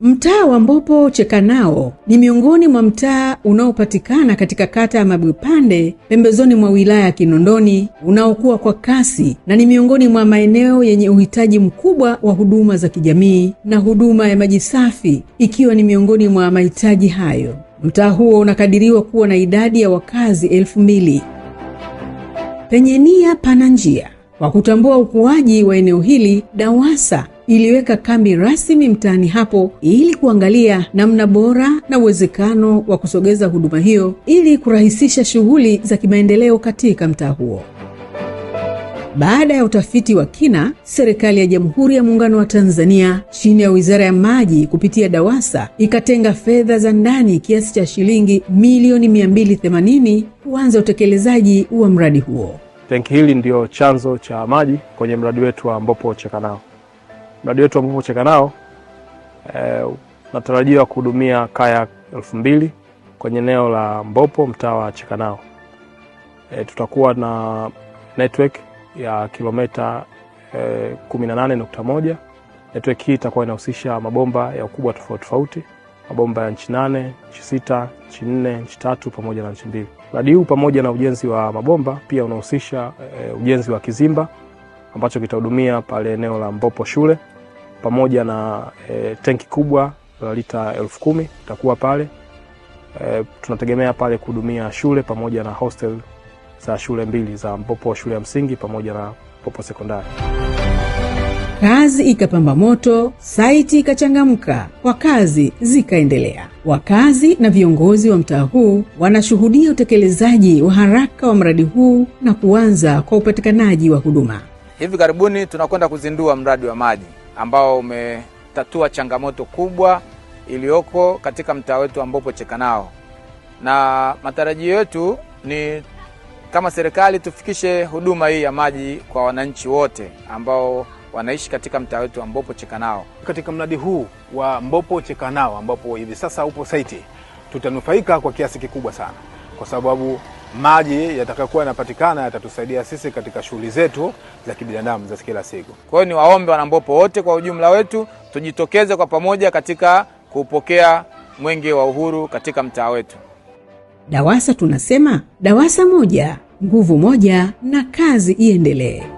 Mtaa wa Mbopo Chekanao ni miongoni mwa mtaa unaopatikana katika kata ya Mabwepande pembezoni mwa wilaya ya Kinondoni, unaokuwa kwa kasi na ni miongoni mwa maeneo yenye uhitaji mkubwa wa huduma za kijamii na huduma ya maji safi ikiwa ni miongoni mwa mahitaji hayo. Mtaa huo unakadiriwa kuwa na idadi ya wakazi elfu mbili. Penye nia pana njia. Kwa kutambua ukuaji wa eneo hili, DAWASA iliweka kambi rasmi mtaani hapo ili kuangalia namna bora na uwezekano wa kusogeza huduma hiyo ili kurahisisha shughuli za kimaendeleo katika mtaa huo. Baada ya utafiti wa kina, serikali ya Jamhuri ya Muungano wa Tanzania chini ya Wizara ya Maji kupitia DAWASA ikatenga fedha za ndani kiasi cha shilingi milioni 280 kuanza utekelezaji wa mradi huo. Tenki hili ndio chanzo cha maji kwenye mradi wetu wa Mbopo Chekanao mradi wetu ambao cheka nao eh, natarajiwa kuhudumia kaya elfu mbili kwenye eneo la Mbopo mtaa wa Chekanao. E, tutakuwa na network ya kilomita e, 18.1. Network hii itakuwa inahusisha mabomba ya ukubwa tofauti tofauti, mabomba ya nchi nane, nchi sita, nchi nne, nchi tatu pamoja na nchi mbili. Mradi huu pamoja na ujenzi wa mabomba pia unahusisha e, ujenzi wa kizimba ambacho kitahudumia pale eneo la Mbopo shule pamoja na e, tenki kubwa la lita elfu kumi itakuwa pale e, tunategemea pale kuhudumia shule pamoja na hostel za shule mbili za Mpopo shule ya msingi pamoja na Mpopo sekondari. Kazi ikapamba moto, saiti ikachangamka, kwa kazi zikaendelea. Wakazi na viongozi wa mtaa huu wanashuhudia utekelezaji wa haraka wa mradi huu na kuanza kwa upatikanaji wa huduma. Hivi karibuni tunakwenda kuzindua mradi wa maji ambao umetatua changamoto kubwa iliyoko katika mtaa wetu wa mbopo Chekanao, na matarajio yetu ni kama serikali tufikishe huduma hii ya maji kwa wananchi wote ambao wanaishi katika mtaa wetu wa Mbopo Chekanao. Katika mradi huu wa Mbopo Chekanao ambapo hivi sasa upo saiti, tutanufaika kwa kiasi kikubwa sana, kwa sababu maji yatakayokuwa yanapatikana yatatusaidia sisi katika shughuli zetu za kibinadamu za kila siku. Kwa hiyo ni waombe wanambopo wote kwa ujumla wetu tujitokeze kwa pamoja katika kuupokea mwenge wa uhuru katika mtaa wetu. DAWASA tunasema DAWASA moja, nguvu moja na kazi iendelee.